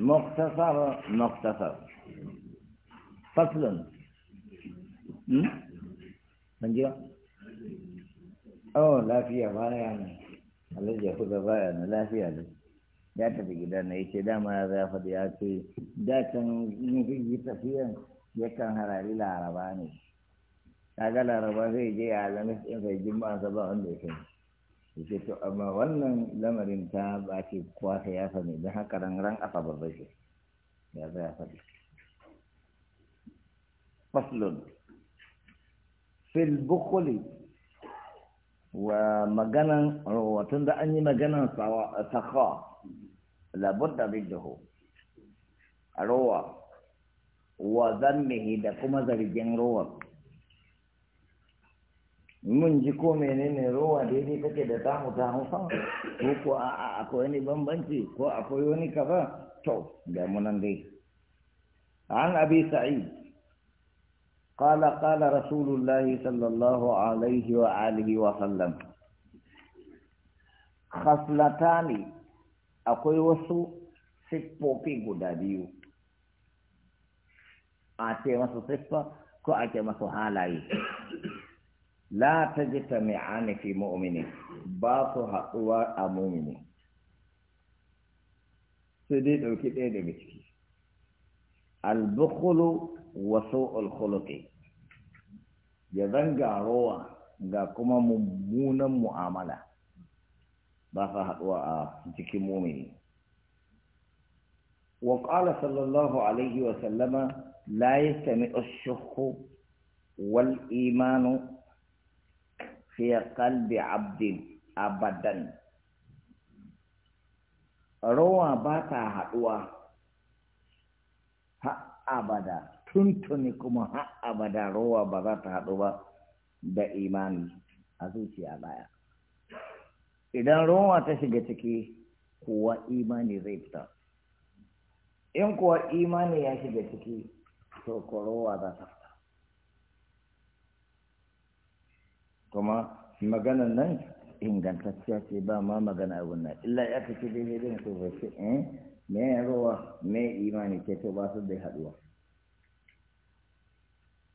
مختصر مختصر فصل من جاء او لا في ولا يعني الذي يقول الرأي أنا لا في هذا لا تفيد لأن إيش ما هذا فضياتي دا لا نفيد جيتا فيه يكن هرالي لعرباني هذا العرباني جي على مثل إنسان جمع صباح النسان yake to amma wannan lamarin ta ba kowa ta ya sami don haka ran ran a babba ce ya za ya faɗi faslun fil bukuli wa maganan rawatun da an yi maganan sakha labar da bidahu rawa wa zammihi da kuma zargin rawar mun ji ko menene rowa daidai take da tamu ta hausa ko ko a'a akwai wani bambanci ko akwai wani kaza to ga munan dai an abi sa'id قال قال رسول الله صلى الله عليه وآله وسلم خصلتان akwai wasu siffofi guda biyu a ce masu siffa ko a ce masu halaye la ta ji ta mai fi mu'mini ba su haɗuwa a mu'mini sai dai ɗauki ɗaya daga ciki albukulu wasu alkhuluki ya zanga rowa ga kuma mummunan mu'amala ba su haɗuwa a jikin mumini wa ƙala sallallahu alaihi wa sallama la yi sami shukhu wal imanu fi kalbi abdin abadan rawa ba ta haɗuwa ha abada tuntuni kuma ha abada rawa ba za ta haɗu ba da imani a zuciya baya idan rawa ta shiga ciki kuwa imani zai fita in kuwa imani ya shiga ciki to ko za ta kuma maganan nan ingantacciya ce ba ma magana a nan illa ya kace dai dai mutum ba ce eh me ya rawa me imani ke to ba su da haduwa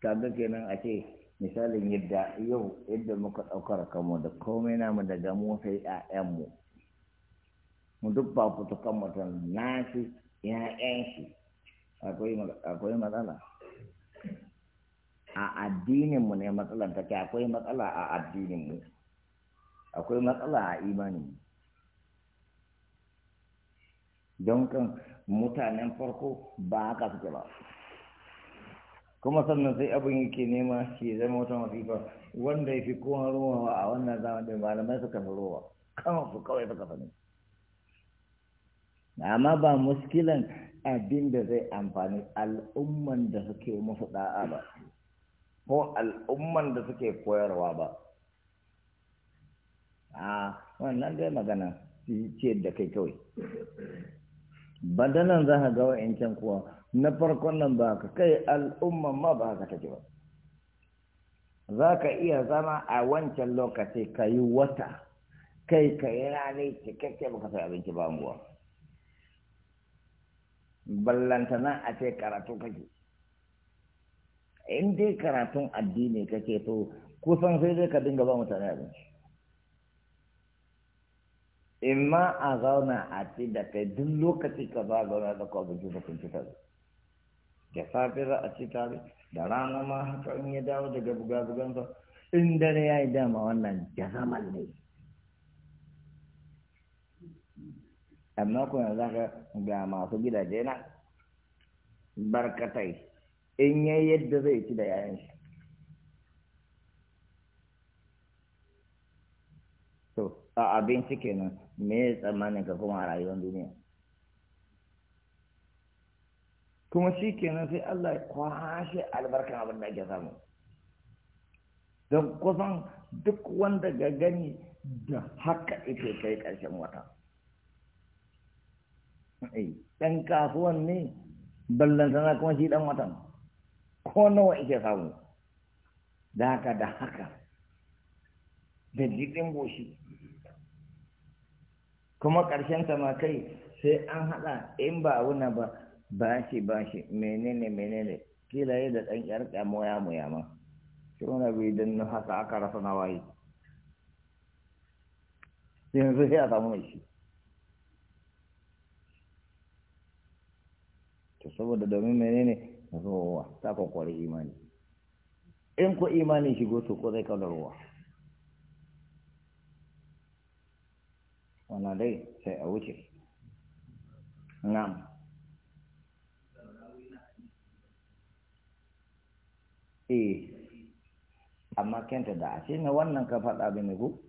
kaga kenan a ce misalin yadda yau yadda muka daukar kanmu da komai namu daga mu sai ƴaƴan mu mu duk ba fitukan mutum na shi ƴaƴan shi akwai matsala a addininmu ne matsalar take akwai matsala a addininmu akwai matsala a imaninmu don kan mutanen farko ba haka suke ba kuma sannan sai abin yake nema shi zama wata masifa wanda ya fi kowa ruwa a wannan zamanin malamai suka fi ruwa kama su kawai suka sani amma ba muskilan abin da zai amfani al'umman da suke musu da'a ba ko al'umman da suke koyarwa ba a wannan dai magana su ce da kai kawai badanan za ka ga wa'incan kuwa na farkon nan ba ka kai al'umman ma ba ka take ba za ka iya zama a wancan lokaci ka yi wata kai ka yi rane cikakke ka sai abinci ba unguwa ballantana a ce karatu kake in dai karatun addini kake to kusan sai dai ka dinga ba mutane abinci ma a zauna a ci da kai duk lokaci ka za a zauna da abinci da kun ci tare da safe za a ci tare da rana ma haka in ya dawo daga buga-bugansa in dare ya yi dama wannan zama ne amma kuma za ka ga masu gidaje na barkatai in ya yadda zai ci da yayan shi to a abinci kenan me ya tsammanin ka kuma rayuwar duniya kuma shi kenan sai Allah ya kwashe albarkan abin da ake samu don kusan duk wanda ga gani da haka ita kai karshen wata eh, ɗan kasuwan ne sana kuma shi ɗan watan ko nawa ike samu da haka da haka da jirgin boshi kuma ƙarshen ta ma kai sai an haɗa in ba wuna ba bashi bashi menene menene kila yi da ɗan ƴar ƙamoya moya ma shi wani bai don haka aka rasa na waye yanzu ya samu mai shi to saboda domin menene ruwa ta kwakwari imani in ku imanin shigo to ko zai kawo ruwa wannan dai sai a wuce Na. eh amma kenta da ashe na wannan ka faɗa bin ku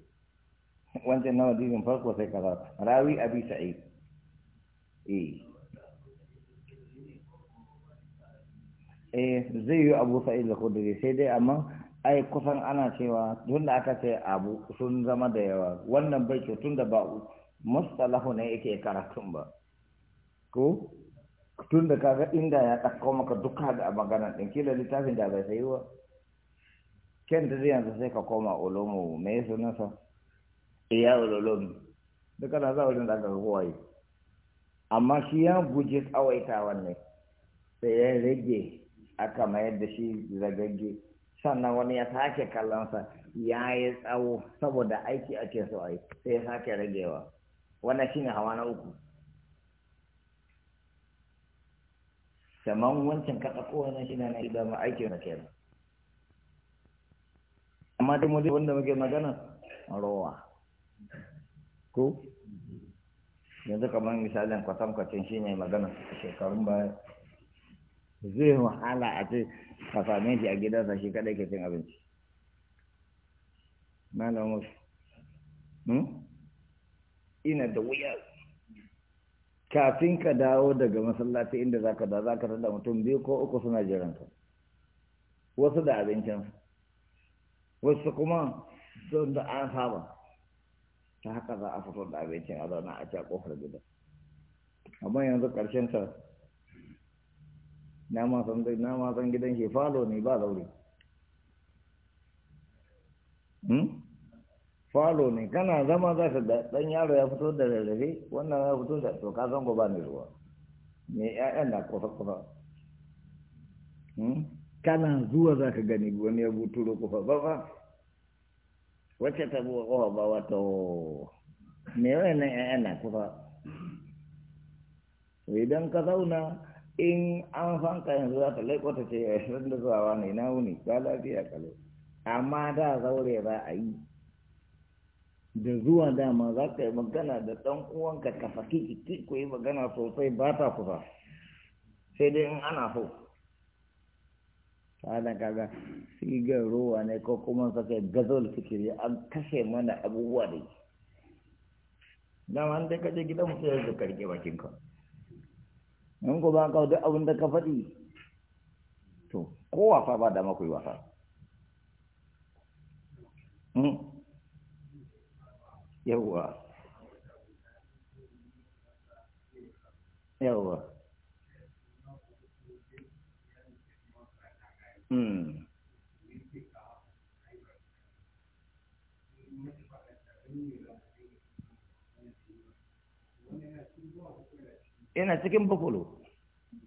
wancan na wajen farko sai ka faɗa rawi abi sa'id eh eh zai yi abu sa'id da kudiri sai dai amma ai kusan ana cewa tun da aka ce abu sun zama da yawa wannan bai ce tun da ba mustalahu ne yake karatun ba ko tun da kaga inda ya ɗauko maka duka da magana ɗin kila littafin da bai sayi ba kyan da yanzu sai ka koma olomo me sa iya ololomi duka na za wajen da aka yi amma shi ya guji tsawaita wannan sai ya rage aka mayar da shi zagagge sannan wani ya sake kallonsa ya yi tsawo saboda aiki ake so a yi sai ya sake ragewa wannan shi ne hawa na uku saman wancan ka kowane shi ne na idan ma aikin na kenan amma da mu wanda muke magana rowa ko yanzu kamar misalin kwatankwacin shi ne magana shekarun baya zai wahala a ce ka same shi a gidansa shi kadai ke cin abinci hmm? ina da wuya kafin ka dawo daga masallaci inda za ka da za ka tada mutum biyu ko uku suna jiranka wasu da abincin wasu kuma don da an saba ta haka za a fito da abincin a zauna a ci a kofar gida amma yanzu ƙarshen ta na ma san gidan shi falo ne ba zaure hmm? falo ne kana zama za ka ga ɗan yaro ya fito da rarrafe wannan ya fito da to ka san ba ne ruwa me ƴaƴan na kusa kusa hmm? kana zuwa za ka gani wani ya buturo kufa ba ba wacce ta buwa kufa ba wata me wayannan ƴaƴan na kusa idan ka zauna in an fanka yanzu za ta laiko ta ce ya eh, shirin da zuwa wani na wuni ba lafiya kalo amma da zaure ba a yi da zuwa dama za ka yi magana da ɗan uwanka ka kafa kiki ku yi magana sosai ba ta kusa sai dai in ana so ta kaga sigar ruwa ne ko kuma saka gazol fikiri an kashe mana abubuwa da yi dama an dai kaje gidan musu ya zo bakinka in ku ba ka duk abin da ka faɗi to ko wasa ba dama ku yi wasa hmm? yawwa yawwa mm ina cikin bukulu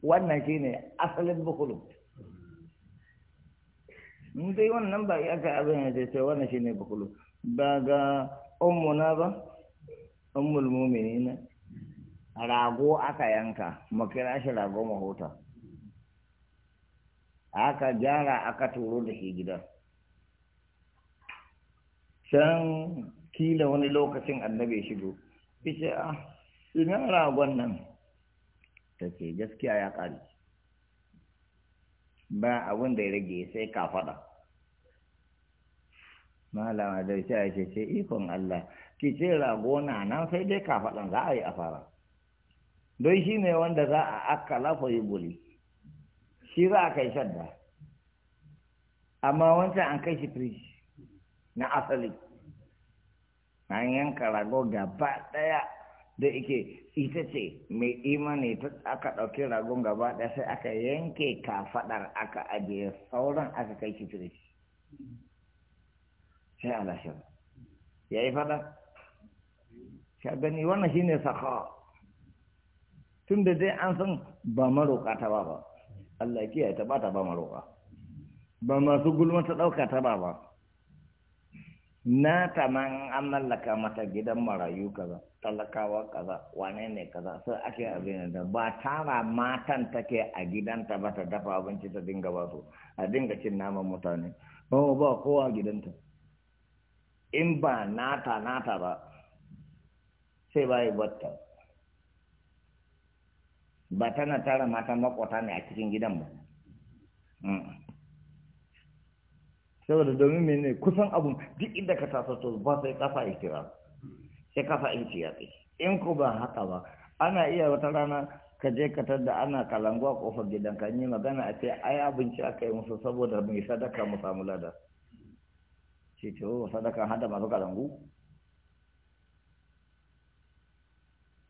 wannan shi ne asalin bukulu mun dai wannan ba ya ka abin da ce wannan shi ne bukulu ba ga ummuna ba ummul mu'minina rago aka yanka mu kira shi rago mahota aka jara aka turo da shi gida can kila wani lokacin annabe shigo ita a ah, ina ragon nan take gaskiya ya ƙari ba abin da ya rage sai ka faɗa malama da ya ce ce ikon Allah ki ce rago na nan sai dai ka faɗan za a yi a fara don shi ne wanda za a aka lafa yi buli shi za a kai shadda amma wancan an kai shi firish na asali an yanka rago gaba ɗaya da yake ita ce mai imani ta aka ɗauki ragon gaba ɗaya sai aka yanke kafaɗar aka ajiye sauran aka kai shi shi sai alashir ya yi faɗa ka gani wannan shine sakawa tun da dai an san ba maroƙa ta ba ba Allah ya kiyaye ta ba ta ba maroƙa ba masu gulma ta ɗauka ta ba ba na taman an mallaka mata gidan marayu kaza talakawa kaza wane ne kaza sai ake abin da ba tara matan take a gidanta ba ta dafa abinci ta dinga ba su a dinga cin naman mutane ba ba kowa gidanta in ba nata nata ba sai ba yi batta ba tana tara mata makwata ne a cikin gidan ba mm. saboda domin mene kusan abun duk inda ka tasa to ba sai kafa ikira sai kafa ihtiyati in ko ba haka ba ana iya wata rana ka je ka tadda ana kalangu a kofar gidan ka yi magana a ce ai abinci aka yi musu saboda mai sadaka mu samu lada ce ce oh, wa sadaka hada masu kalangu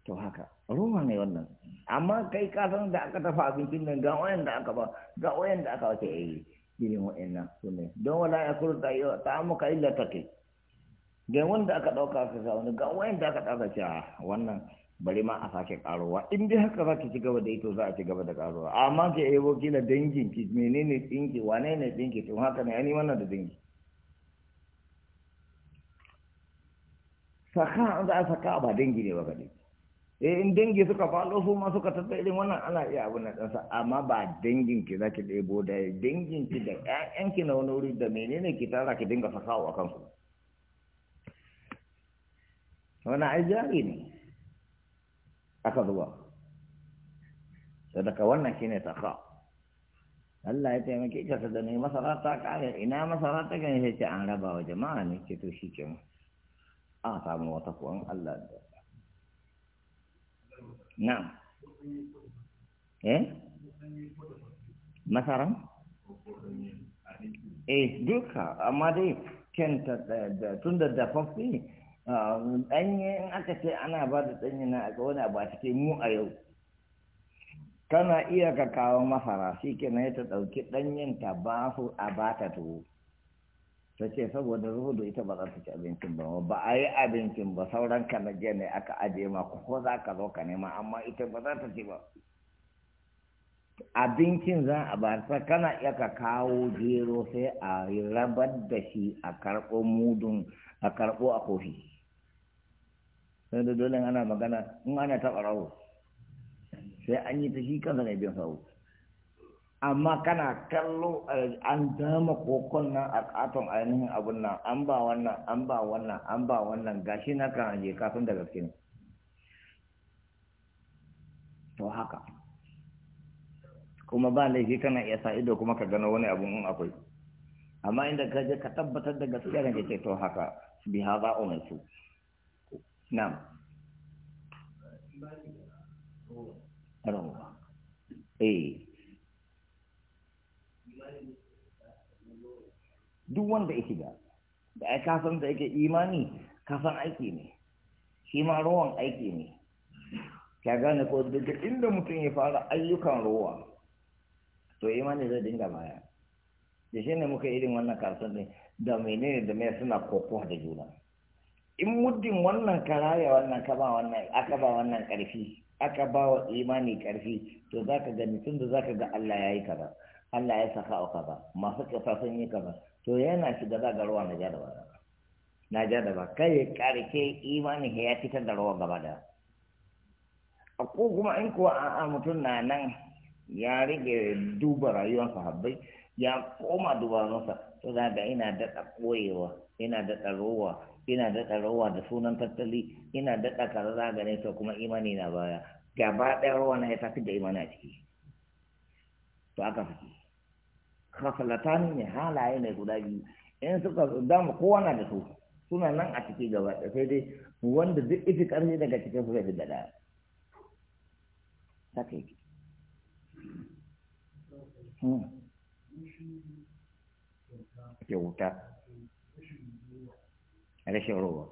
to haka ruwa ne wannan amma kai ka san da aka tafa abincin nan ga wayan da aka ba ga wayan da aka wace yayi irin wa'annan su ne don wala ya kuru ta yi ta amuka illa ta ke ga wanda aka ɗauka ka sa wani ga wanda aka ɗauka ka a ah, wannan bari ma a sake karuwa in dai haka za ki ci gaba da ito za a ci gaba da karuwa amma ke yi na dangin ki menene tsinki wane ne tsinki tun haka ne ani wannan da dangi saka an za a saka ba dangi ne ba gadi eh in dangi suka faɗo su ma suka tattara irin wannan ana iya abin na ɗansa amma ba dangin ki zaki ɗebo da dangin ki da ƴaƴan ki na wani wuri da menene ki tara ki dinga fasawa a kansu? wani ai jari ne aka zuwa sadaka wannan shine taka Allah ya taimake ka da ne masara ta kare ina masara ta gani sai ce an raba wa jama'a ne ce to shi kenan a samu wata kuwan Allah da na'am eh masaran eh duka amma dai kenta eh, da tun da dafaffi danye ah, in aka ce ana ba da na aka wani abu a cikin mu a yau kana iya ka kawo masara shi ke na ta ɗauki ɗanyen ta ba a ba ta tuwo ta ce saboda zuhudu ita ba za ta ci abincin ba ba a yi abincin ba sauran ka na ne aka ajiye ma ko za ka zo ka nema amma ita ba za ta ci ba abincin za a ba ta kana iya ka kawo jero sai a rabar da shi a karɓo mudun a karɓo a kofi sai da dole ana magana in ana taɓa rawo sai an yi ta shi kansa ne bin sauro amma kana kallo eh, an dama kokon nan a katon ainihin abun nan an ba wannan an ba wannan an ba wannan gashi na kan je kafin da gaske ne to haka kuma ba laifi kana iya sa ido kuma ka gano wani abun in akwai amma inda ka je ka tabbatar da gaskiya ne ce to haka bi hadha umaisu na'am rawa eh duk wanda ya shiga da ai kasan da yake imani kasan aiki ne shi ma rowan aiki ne ka gane ko daga inda mutum ya fara ayyukan rowa to imani zai dinga baya da shi ne muka irin wannan kasan ne da menene da mai suna kokowa da juna in muddin wannan karaya wannan ka ba wannan aka ba wannan karfi aka ba wa imani karfi to zaka ga mutum da zaka ga Allah yayi kaza Allah ya saka ka kaza masu kafa sun yi kaza to yana shiga za ga ruwa na ja daba na ja ba kai karke imanin ya fitar da ruwa gaba da a ko kuma in kuwa a mutum na nan ya rage duba rayuwarsa, habbai ya koma dubarunsa to za ga ina daɗa koyewa ina daɗa rowa ina daɗa rowa da sunan tattali ina daɗa kaza za ga to kuma imani na baya gaba ɗaya rowa na ya tafi da imani a ciki to aka fi khasalatani ne halaye ne guda biyu in suka dama kowa na da su suna nan a ciki gaba da sai dai wanda duk ifi karfi daga cikin su zai da daya saka hmm. rashin ruwa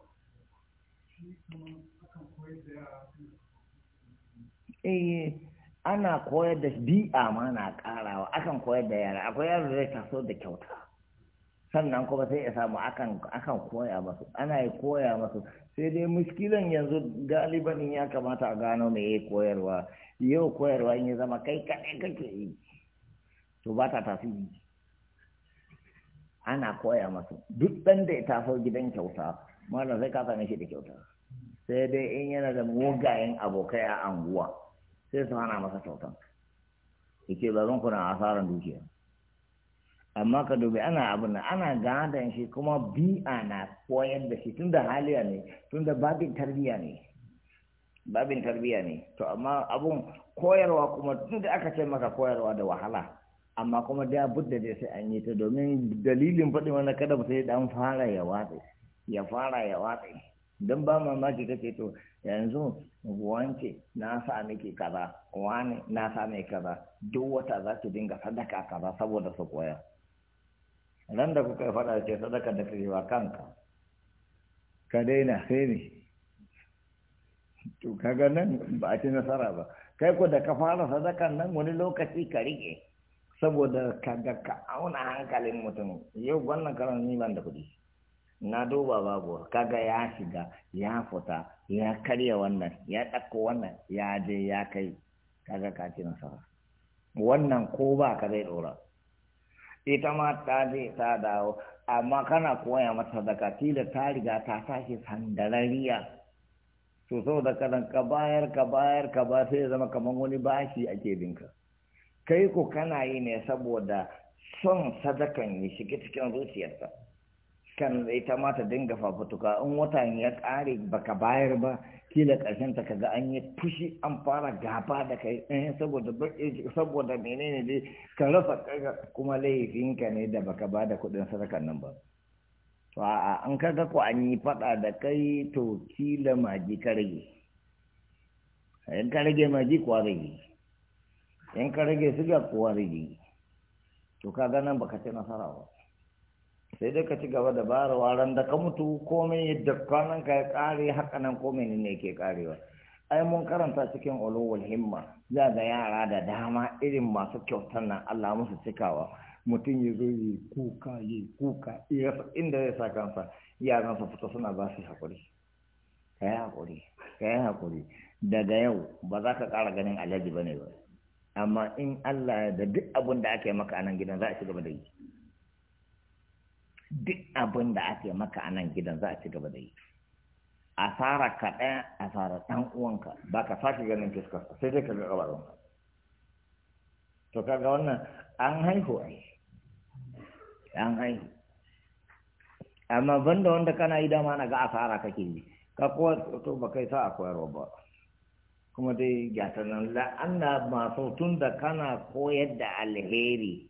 eh ana koyar da bi'a ma na karawa akan koyar da yara akwai yaro da taso da kyauta sannan kuma sai ya samu akan akan koya masu ana yi koya masu sai dai muskilan yanzu galiban ya kamata a gano mai ya koyarwa yau koyarwa in ya zama kai kaɗai kake yi to ba ta tafi ana koya masu duk ɗan da ya taso gidan kyauta malam sai ka same shi da kyauta sai dai in yana da mugayen abokai a anguwa sai su hana masa kyautan yake ba zan kuna asarar dukiya amma ka dubi ana abin nan ana gadon shi kuma bi'a na koyar da shi tunda haliya ne tunda babin tarbiya ne babin tarbiya ne to amma abun koyarwa kuma da aka ce maka koyarwa da wahala amma kuma da budda da sai an yi ta domin dalilin faɗin wani kada ba sai dan fara ya watsa ya fara ya watsa don ba mamaki kake to yanzu wance na sa miki kaza wani na sa mai kaza duk wata za ki dinga sadaka kaza saboda su koya ran da kuka faɗa ce sadaka da kake wa kanka ka daina sai ne to kaga nan ba a ci nasara ba kai ko da ka fara sadakan nan wani lokaci ka rike saboda kaga ka auna hankalin mutum yau wannan karan ni ban da kuɗi na duba babu kaga ya shiga ya fita ya karya wannan ya ɗakko wannan ya je ya kai kaga ka ci nasara wannan ko ba ka zai ɗora ita ma ta je ta dawo amma kana koya mata daga tilar ta riga ta tashi sandarariya to saboda kadan ka bayar ka bayar ka ba sai ya zama kamar wani bashi ake binka kai ko kana yi ne saboda son sadakan ya shiga cikin zuciyarta kan ita ma ta dinga fafutuka in watan ya ƙare baka bayar ba kila karshen ta kaga an yi fushi an fara gaba da kai eh, saboda saboda menene dai ka rasa kuma laifinka ne da baka ba da kuɗin sadakan nan ba to a an kaga ko an yi fada da kai to kila maji ka rage in ka rage maji kuwa rage in ka rage suga kuwa rage to kaga nan baka ce nasara ba sai dai ka ci gaba da barawa ran da ka mutu komai yadda kwanan ka ya kare haka nan komai ne ke karewa ai mun karanta cikin olowal himma za ga yara da dama irin masu kyautar nan Allah musu cikawa mutum ya zo yi kuka yi kuka inda zai sa kansa yaran su fito suna ba su hakuri ka yi hakuri ka yi hakuri daga yau ba za ka kara ganin alhaji ba ne ba amma in Allah da duk abin da ake maka a nan gidan za a ci gaba da yi duk abin da ake maka a nan gidan za a ci gaba da yi asara ka ɗaya asara ɗan uwanka ba ka sake ganin fuskar sai dai ka ga ƙabarinka to kaga wannan an haihu ai an haihu amma banda wanda kana yi dama na ga asara kake yi ka kuwa to ba kai sa a koyarwa ba kuma dai gata nan la'anna masu tun da kana koyar da alheri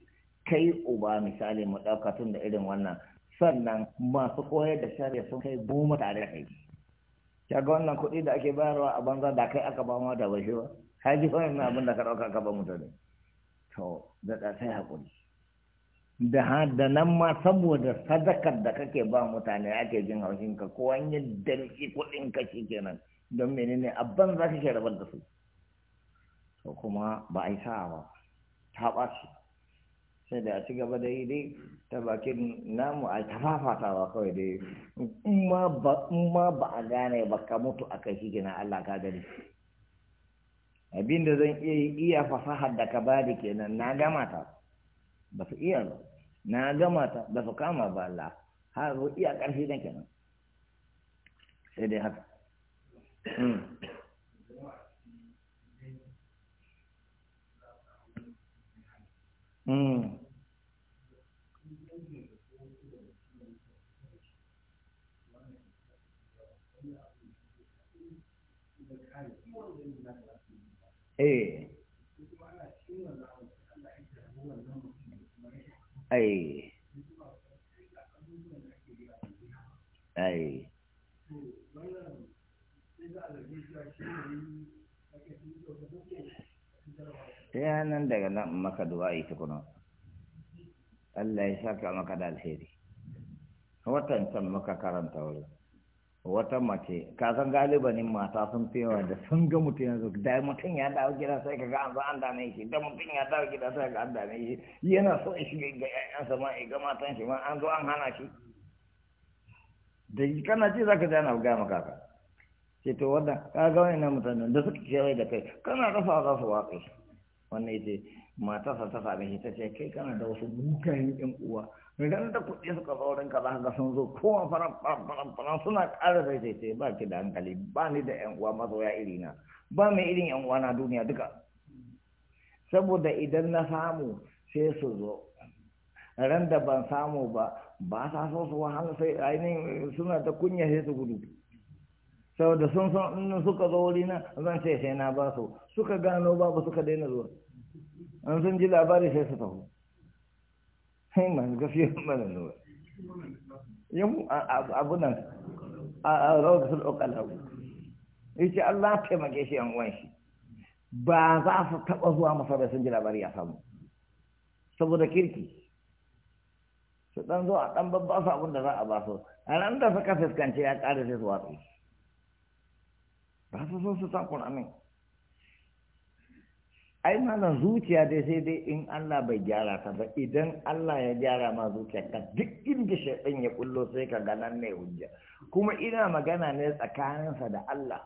kai uba misali mu ɗauka tun da irin wannan sannan masu koyar da shari'a sun kai goma tare da kai kaga wannan kuɗi da ake bayarwa a banza da kai aka ba ma ba shi ba Haji ji wannan abin da ka ɗauka ka ba mutane to da ɗa sai hakuri da da nan ma saboda sadakar da kake ba mutane ake jin haushin ka ko an yi dalci kuɗin ka shi kenan don menene a banza kake rabar da su to kuma ba a yi sa'a ba ta ɓaci sai da a ci gaba da yi dai ta bakin namu a tafafatawa kawai dai in ma ba a gane ba ka mutu a kai shi Allah ka gani abinda zan iya iya fasahar da ka bari kenan na gama ta ba su iya ba na gama ta ba su kama ba Allah har iya ƙarfi na kenan sai dai haka hmm. eh ai ai ta nan daga nan maka ta kuna Allah ya saka maka da alheri watan can maka karanta wurin wata mace ka san galibanin mata sun yawa da sun ga mutum yanzu da mutum ya dawo gida sai ka ga an an dame shi da mutum ya dawo gida sai ka an dame shi yana so ya shiga ga ƴaƴansa ma ga matan shi ma an zo an hana shi da kana ce zaka ji ana ga maka ka ce to wadda ka ga na mutanen da suka kewaye da kai kana kafa za su waƙe wannan ita matarsa ta same shi ta ce kai kana da wasu bukayen yan uwa idan da kuɗi suka zo wurinka za ka sun zo kowa faran faran faran suna ƙara sai sai sai ba ki da hankali ba ni da yan uwa masoya iri na ba mai irin yan uwa na duniya duka saboda idan na samu sai su zo ran da ban samu ba ba sa so su wahala sai ainihin suna ta kunya sai su gudu saboda sun san in suka zo wuri na zan ce sai na ba su suka gano babu suka daina zuwa an sun ji labari sai su tafi sai man gafiya mana zuwa yamu abu nan a rawdatul uqala ce Allah taimake shi yan uwan shi ba za su taɓa zuwa masa da sun ji labari ya samu saboda kirki su ɗan zo a ɗan babba su abin da za a ba su a nan da suka fuskanci ya ƙara sai su watsi ba su so su san min ai malam zuciya dai sai dai in Allah bai gyara ta ba idan Allah ya gyara ma zuciya ka duk inda shaidan ya kullo sai ka ga nan ne hujja kuma ina magana ne tsakaninsa da Allah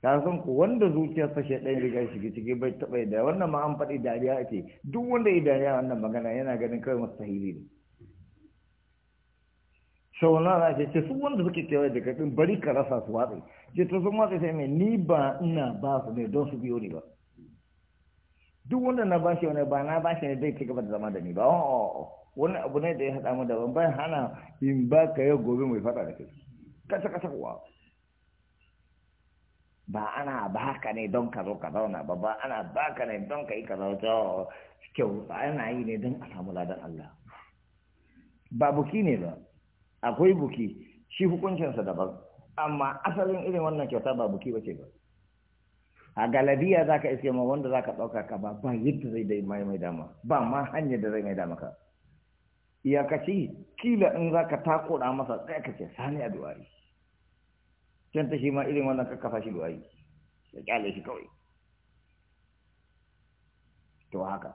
ka san ku wanda zuciyarsa shaidan riga shige ciki bai taɓa da wannan ma an faɗi dariya ake duk wanda ya dariya wannan magana yana ganin kawai mustahili ne sau na ce ce su wanda suke kewaye da kafin bari ka rasa su watsi ce to sun watsi sai mai ni ba ina ba su ne don su biyo ni ba duk wanda na ba shi wani ba na shi ne dai cigaba da zama da ni ba oh, oh, oh. wani abu ne da ya haɗa mu da ban bayan hana in ba ka yau gobe mai faɗa da kai kasa kasa kuwa ba ana baka ne don ka zo ka zauna ba ba ana baka ne don ka yi ka zauna kyau ba ana yi ne don a samu ladan Allah ba buki ne ba akwai buki shi hukuncinsa daban amma asalin irin wannan kyauta ba buki ba ce ba a galabiya za ka iske ma wanda za ka ɗauka ka ba ba yadda zai dai mai mai dama ba ma hanyar da zai mai dama ka iyakaci kila in za ka takoda masa tsaya ka ce sani a duwari can ta shi ma irin wannan kafa shi duwari ya kyale shi kawai to haka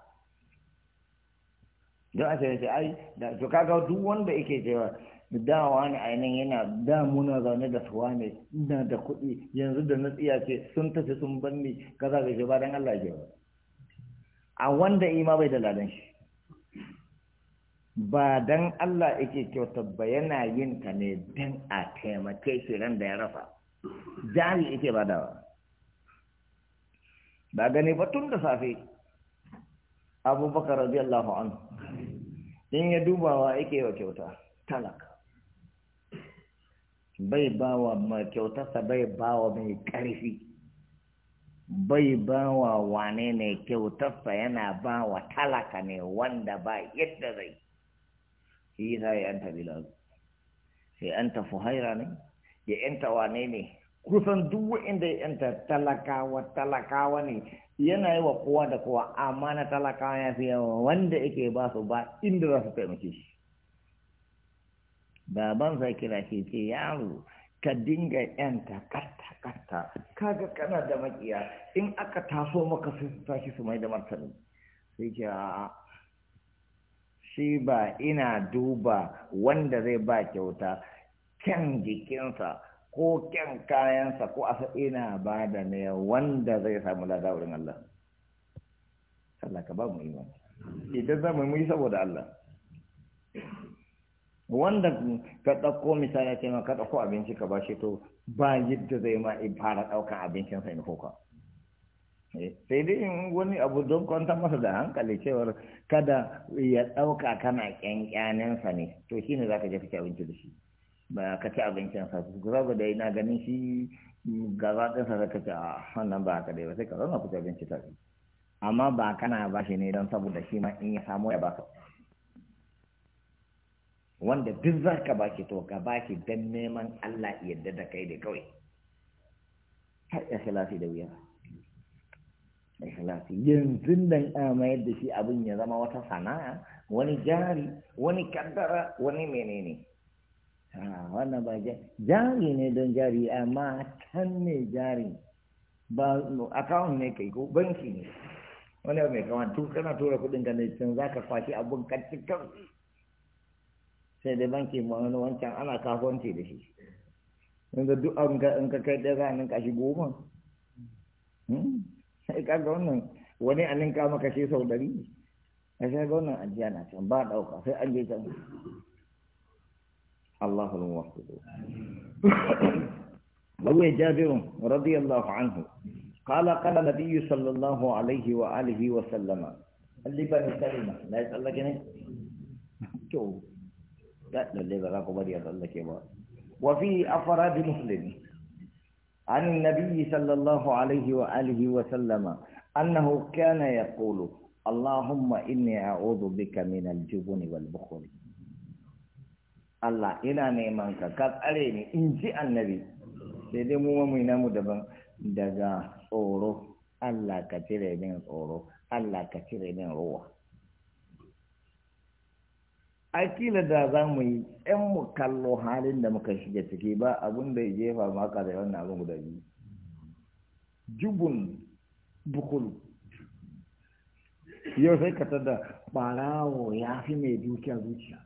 don a sai ai da to kaga duk wanda yake cewa dawa ne ainihin yana damuna zaune da suwa ne ina da kuɗi yanzu da na tsiya ce sun tafi sun banni kaza ga shi don Allah ke ba a wanda ima bai da ladan shi ba dan Allah yake kyauta ba yana yin ka ne don a taimake shi ran da ya rasa jari yake badawa ba gani ba tun da safe abubakar radiyallahu anhu in ya dubawa yake wa kyauta talaka bai bawa mai kyautarsa bai bawa mai ƙarfi bai bawa wane ne kyautarsa yana bawa talaka ne wanda ba yadda zai shi za ya yanta bilal sai yanta fuhaira ne ya yanta wane ne kusan duk inda ya yanta talakawa talakawa ne yana yi wa kowa da kowa amma na talakawa ya fi yawa wanda yake ba su ba inda za su taimake shi baban zai kira shi ce yaro ka dinga yanta karta karta kaga kana da makiya in aka taso maka sai su tashi su mai da martani sai ce shi ba ina duba wanda zai ba kyauta kyan jikinsa ko kyan kayansa ko asa ina ba da ne wanda zai samu lada Allah Allah ka ba mu idan za mu yi saboda Allah wanda ka ɗauko misali ce ma ka ɗauko abinci ka bashi to ba yadda zai ma in fara ɗaukan abincin sa in koka eh, sai dai in wani abu don kwanta masa da hankali cewar kada ya ɗauka kana sa ne to shi ne za ka je ka ci abinci da shi ba ka ci abincin sa saboda da ina ganin shi gaba ɗinsa za ka ci a ah, wannan ba ka dai ba sai ka zauna ku ci abinci tare amma ba kana bashi ne don saboda shi ma in ya samu ya ba baka wanda duk za ka baki to ka baki don neman Allah yadda da kai da kawai har ya ikhlasi da wuya ikhlasi yanzu nan a mayar da shi abin ya zama wata sana'a wani jari wani kaddara wani menene wannan ba jari ne don jari amma kan ne jari ba akawun ne kai ko banki ne wani mai kama tun kana tura kudin ka ne can za ka kwashi abun kacci kansu sai dai banki wani wancan ana kafanci da shi inda duk an ka in ka kai ɗaya za a ninka shi goma hmm? sai ka ga wannan wani a ninka maka shi sau ɗari, a sai ga wannan ajiya na can ba ɗauka sai an je can Allahu al-muwaffiqu Abu Jabir radiyallahu anhu kala kala na biyu sallallahu alaihi wa alihi wa sallama alli bani sallama la yasallakani kyau. lalle ba za ku bari yanzu Allah ba wa fi afradi muslim an nabi sallallahu alaihi wa alihi wa sallama annahu ina neman ka ka tsare in ci annabi sai dai mu ma daban daga tsoro Allah ka cire min tsoro Allah ka cire min ruwa akila da za mu yi ‘yan mu kallo halin da muka shiga ciki ba abin da ya jefa maka da wannan abin guda biyu jubun bukulu yau sai ka tada ɓarawo ya fi mai dukiya zuciya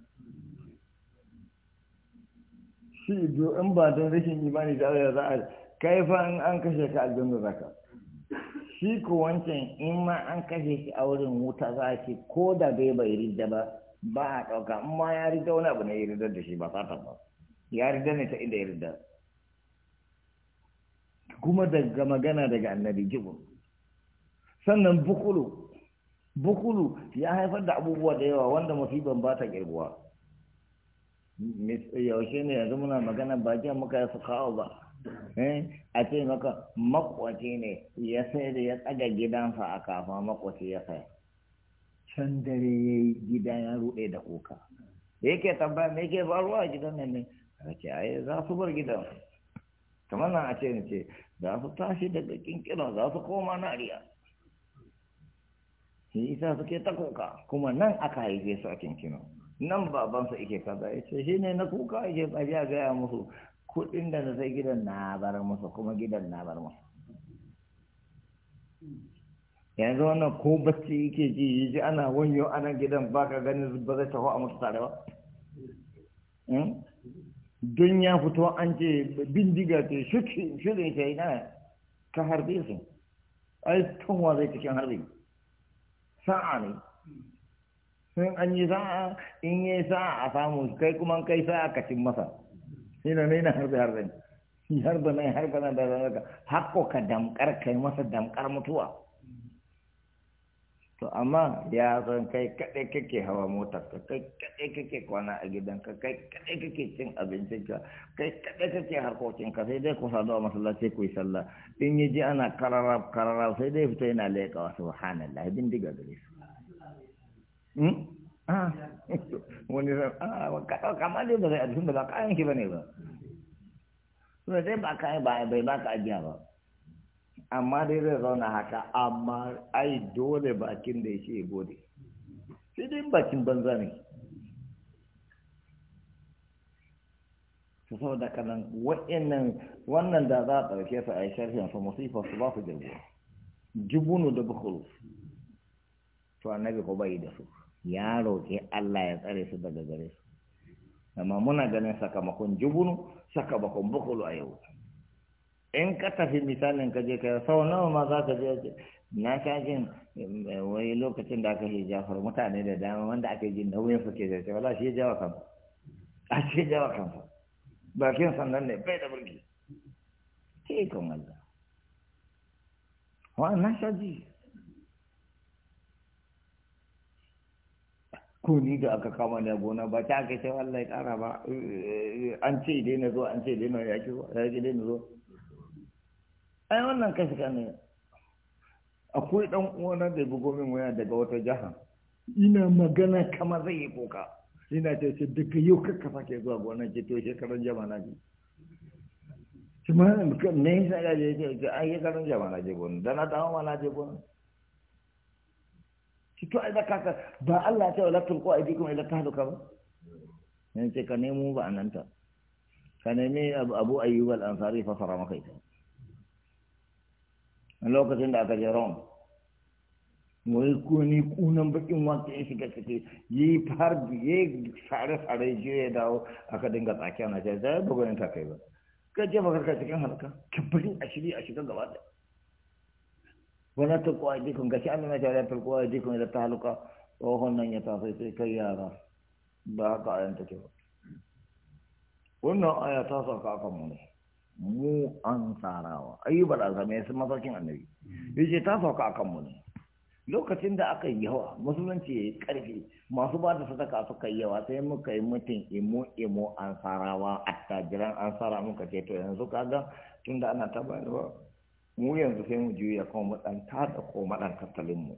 shi biyu in ba don rikin imani da Allah za a kai fa in an kashe ka aljanna zaka shi ko wancan in ma an kashe shi a wurin wuta za a ko da bai bai ba ba a ɗauka amma ma ya rida wani abu na ya rida da shi ba sa ba ya rida ne ta inda ya rida kuma daga magana daga annabi jibu sannan bukulu bukulu ya haifar da abubuwa da yawa wanda musiban ba ta girbuwa yaushe ne yanzu muna magana ba jiya muka yi kawo ba eh, a ce maka makwace ne ya sai da ya tsaga gidansa a kafa makwace ya sai can dare ya yi gida ya ruɗe da kuka da yake tambaya me yake faruwa a gidan nan ne a ai za su bar gidan kamar nan a ce ni ce za su tashi daga kinkira za su koma nariya shi isa suke ta kuka kuma nan aka haife su a kinkina nan babansa ike kaza ya ce shi ne na kuka ya tsaji a gaya musu kuɗin da na sai gidan na bar musu kuma gidan na bar musu yanzu wannan ko bacci yake ji ya ji ana wanyo ana gidan ba ka gani ba zai taho a mutu tare ba hmm? don ya fito an ce bindiga ce shirin ta yi na eh, ka harbe su ai tunwa zai cikin harbe sa'a ne sun an yi sa'a in yi sa'a a samu kai kuma kai sa'a ka cin masa shi na ne na harbe harbe har harbe na yi ba na da zanaka hakko ka damkar kai masa damkar mutuwa to amma ya san kai kaɗai kake hawa motar ka kai kaɗai kake kwana a ka, kai kaɗai kake cin ka, kai kaɗai kake ka, sai dai ku sadu a masallaci ku yi sallah in yi ji ana kararab kararab sai dai fito yana wasu, subhanallah bindiga gare su hmm? ah. wani ah, kaɗau kamar dai ba zai a jikin ba kayan ki ba ne ba. Sai ba kayan ba bai ba ka ajiya ba. amma dai zai zauna haka amma ai dole bakin da yake gode sai dai bakin banza ne sau saboda kanan wa'annan wannan da za a ɗauke su a yi sharhin su musifa su ba su jirgin jibunu da bukuru to nabi ko bai da su ya roƙi Allah ya tsare su daga gare su amma muna ganin sakamakon jibunu sakamakon bukuru a yau in ka tafi misalin ka je ka sau nawa ma za ka je na sha jin eh, wai lokacin da aka yi jafar mutane da dama wanda aka ji nauyin suke da ce wala shi ya jawa kan a ah, shi ya jawa kansa bakin sannan ne bai da burki ke kan Allah wa na sha ji ko ni da aka kama ne gona ba ta ka ce wallahi kara ba eh, an ce dai na zo an ce dai na yaki zo ai wannan kashi ka ne akwai dan uwana da bugo min waya daga wata jaha ina magana kama zai yi koka ina ce ce duka yau kakka sake zuwa gonar ce to shekaran jama'a na ji shi ma ne yasa ga je ce ai karan jama'a na je gonar da na dawo ma na ji gonar ki to ai da ka ba Allah ya ce wala tulqu aidikum ila tahluka ba ne ce ka nemo ba ananta ka nemi abu ayyub al-ansari fa fara maka ita lokacin da aka je Rome wai ko ni kunan bakin wanda ya shiga ciki yi farbi ya sare sare je ya dawo aka dinga tsaki ana ce zai ba gwanin takai ba ka je ba karka cikin halka ki bari a shiri a shiga gaba da wala ta kuwa ji kun gashi Allah na ta ta kuwa ji kun da ta halka tsohon nan ya tafi sai kai yara ba haka ayan take ba wannan aya ta saka akan mu ne mu an tsarawa ayyuba da zama ya san mafarkin annabi hmm. yace ta sauka akan mu ne lokacin da aka yi yawa musulunci ya yi ƙarfi masu ba da sadaka suka yi yawa sai muka yi mutum imo imo an sarawa attajiran an sara muka ce to yanzu kaga tun da ana taba ba mu yanzu sai mu juya kan mu dan tada ko mu dan tattalin mu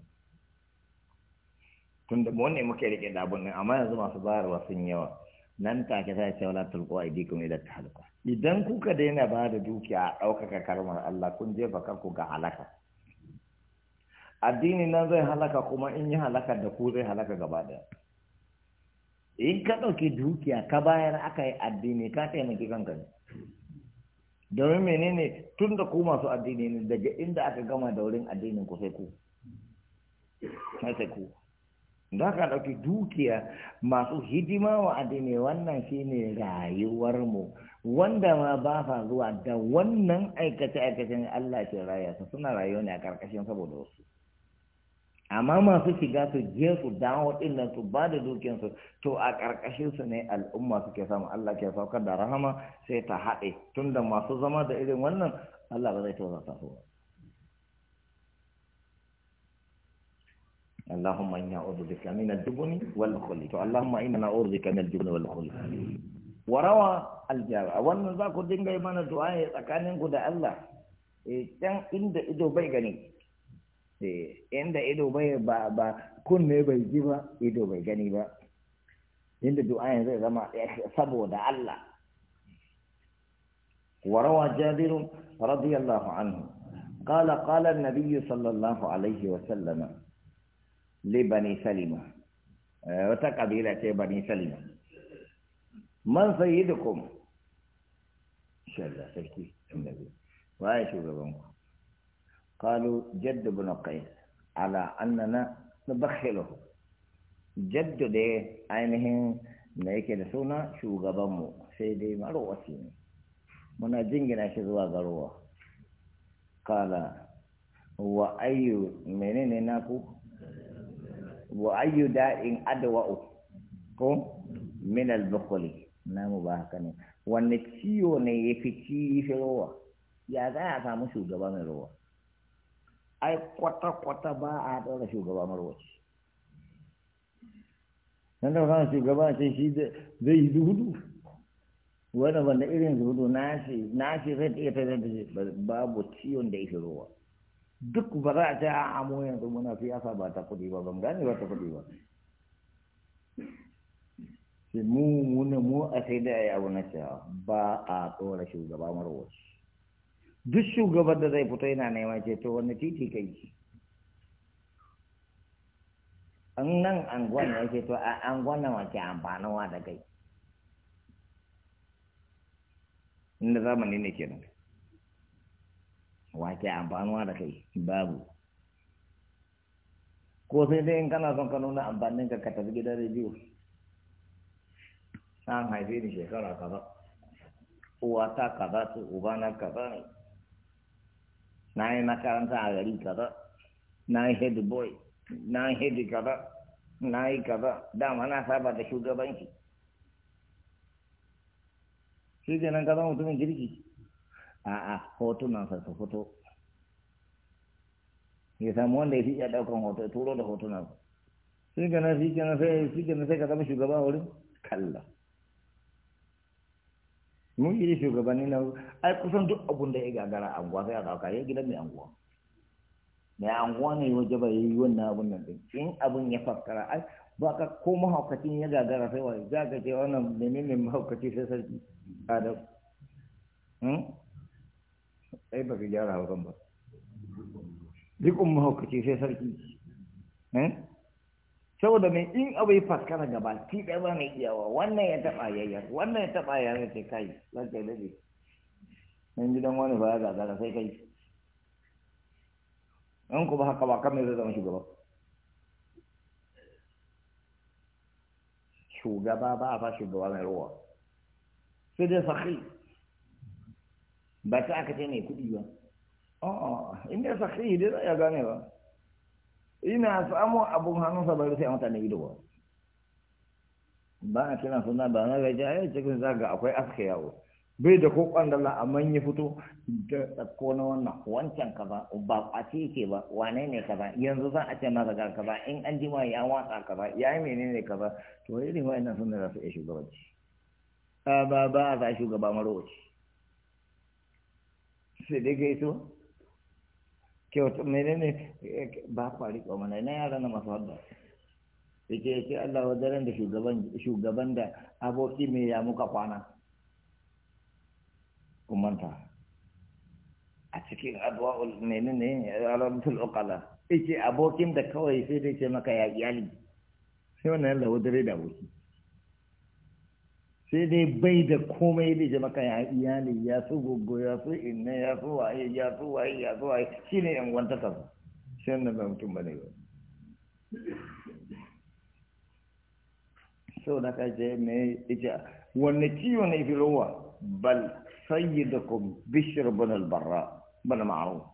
tun da wannan muke rike da abun amma yanzu masu bayarwa sun yawa nan take sai ta wala tulqu aidikum ila tahalqa idan kuka daina ba da dukiya a ɗaukaka kalmar Allah kun jefa ku ga halaka addini nan zai halaka kuma in yi halaka da ku zai halaka gaba daya in ka ɗauki dukiya ka bayar aka yi addini ka taimaki kanka ne domin menene tun da ku masu addini ne daga inda aka gama da wurin addinin ku sai ku sai ku da ka ɗauki dukiya masu hidima wa addini wannan shine rayuwar mu wanda ma ba sa zuwa da wannan aikace-aikacen Allah ke rayuwa su suna rayuwa ne a ƙarƙashin saboda wasu amma masu shiga su je su dawo ɗin su ba da dukiyansu to a ƙarƙashin su ne al'umma suke samu Allah ke saukar da rahama sai ta haɗe tunda masu zama da irin wannan Allah ba zai so. su ba اللهم إنا نعوذ بك من الجبن والخلي اللهم إنا نعوذ بك من الجبن والخلي warawa aljara wannan za ku dinga yi mana du'a tsakaninku da Allah can inda ido bai gani inda ido bai ba ba kunne bai ji ba ido bai gani ba inda du'a zai zama saboda Allah warawa jabir radiyallahu anhu قال قال النبي صلى الله عليه وسلم لبني سلمة وتقبيلة بني سلمة من سيدكم ان شاء الله سلكي النبي وعائشة وبنكو قالوا جد بن قيس على أننا نبخله جد دي أينهن نيك رسونا شو غبمو سيدي مالو وسيم منا جنجنا شذوا غروا قال وأي منين ناكو وأي داء أدوأ من البخلي namu ba haka ne wanne ciwo ne ya fi kifi rowa ya za a samu shugaba mai rowa ai kwata-kwata ba a ɗora shugaba ce nan da kwanan shugaba ce shi zai yi hudu wani wanda irin zuhudu na shi na shi zai iya ta zai babu ciwon da ya fi rowa duk ba za a ce a amo yanzu muna siyasa ba ta kuɗi ba ban gane ba ta kuɗi ba sai mu muna mu a sai da ya abu na cewa ba a tsora shugaba marwaci duk shugaban da zai fito yana neman ceto wani titi kai an nan anguwan ya ce to a anguwan nan wace amfanuwa da kai inda zamani ne ke wa wace amfanuwa da kai babu ko sai dai in kana son ka nuna amfanin ka ka tafi gidan rediyo an haife ni shekara kaza uwata kaza ce ubana kaza ne na yi makaranta a gari kaza na yi head boy na yi head kaza na yi kaza dama na saba da shugabanci shi ke nan kaza mutumin kirki a hotunan sa su fito ya samu wanda ya fi iya daukan hoto ya turo da hotunan shi ke nan shi ke nan sai ka zama shugaba wurin kallon mun iri shugabanni na ai kusan duk abun da ya gagara anguwa sai a dauka ya gidan mai anguwa mai anguwa ne waje ba yi wannan abun nan din in abun ya faskara ai ba ka ko mahaukacin ya gagara sai wa za ka ce wannan menene mahaukaci sai sarki adam hmm ai ba ka gyara kan ba dukkan mahaukaci sai sarki hmm saboda mai in abu ya faskara gaba ti ɗaya ba mai iyawa wannan ya taɓa yayyar wannan ya taɓa yayyar sai kai lantarki kai daɗe in gidan wani ba ya gagara sai kai in kuma haka ba kan mai zai zama shugaba shugaba ba a fashe shugaba mai ruwa sai dai sahi ba ta aka ce mai kuɗi ba a'a in sahi dai za a gane ba ina samun abun hannun bai sai a mutane ido ba ba a kira suna ba na gaji a cikin zaga akwai aska yawo bai da ko kwandala a ya fito da tsakko na wannan wancan kaza ba a ce yake ba wane ne kaza yanzu za a ce maka ga kaza in an ma ya watsa kaza ya yi ne kaza to irin wa'annan suna za su iya shugabanci ba ba ba za shugaba marowaci sai dai gaito kyauta menene ba kwa ko mana na yara na masu hadda yake yake Allah wa daren da shugaban da aboki mai ya muka kwana kumanta a cikin adwa'ul menene alamtul uqala yake abokin da kawai sai dai ce maka ya iyali sai wannan Allah wa dare da aboki sai dai bai da komai da jama'a ya iyali ya so gogo ya so inna ya so waye ya so waye ya so waye shine yan wanta ka shi ne ba mutum bane ba so da ka je me ita wanne ciwo ne fi ruwa bal sayyidukum bishr ibn al-barra ibn ma'ruf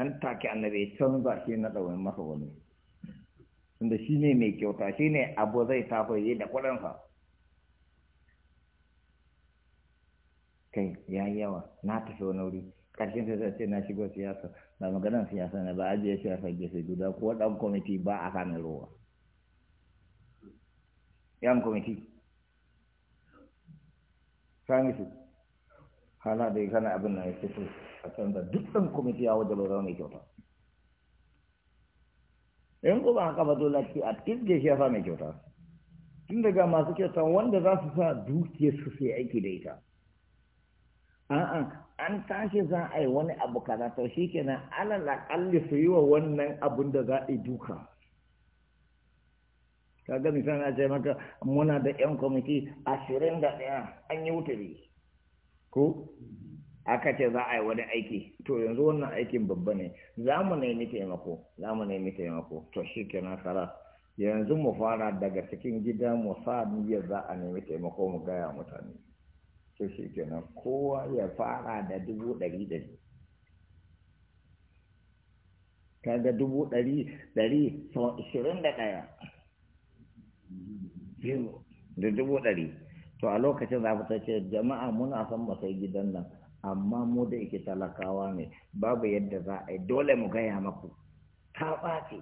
nan take annabi canza shi na dawo masa wani tunda shi ne mai kyauta shi ne abu zai tafi da sa kai ya yi yawa na tafi wani wuri ƙarshen sai zai ce na shigo siyasa ba maganar siyasa ne ba ajiye siyasa sai guda ko ɗan kwamiti ba a samun ruwa yan kwamiti sami su hana da kana abin na ya fito a canza duk ɗan kwamiti ya wajen bai mai kyauta in ko ba haka ba dole ce a cikin shi ya mai kyauta tun daga masu kyauta wanda za su sa dukiyar su sai aiki da ita a'a an tashi za a yi wani abu kaza to shikenan alal kalli su yi wa wannan abun da za a yi duka kaga misali a ce maka muna da yan kwamiti ashirin da ɗaya an yi wutari ko aka ce za a yi wani aiki to yanzu wannan aikin babba ne za mu nemi taimako za mu nemi taimako to shi kenan sara yanzu mu fara daga cikin gida mu sa niyyar za a nemi taimako mu gaya mutane to shi kenan kowa ya fara da dubu ɗari ɗari kaga dubu ɗari ɗari sau ishirin da ɗaya da dubu ɗari to a lokacin za ta ce jama'a muna son mu sai gidan nan amma mu da ke talakawa ne babu yadda za a yi dole mu gaya maku ta ɓace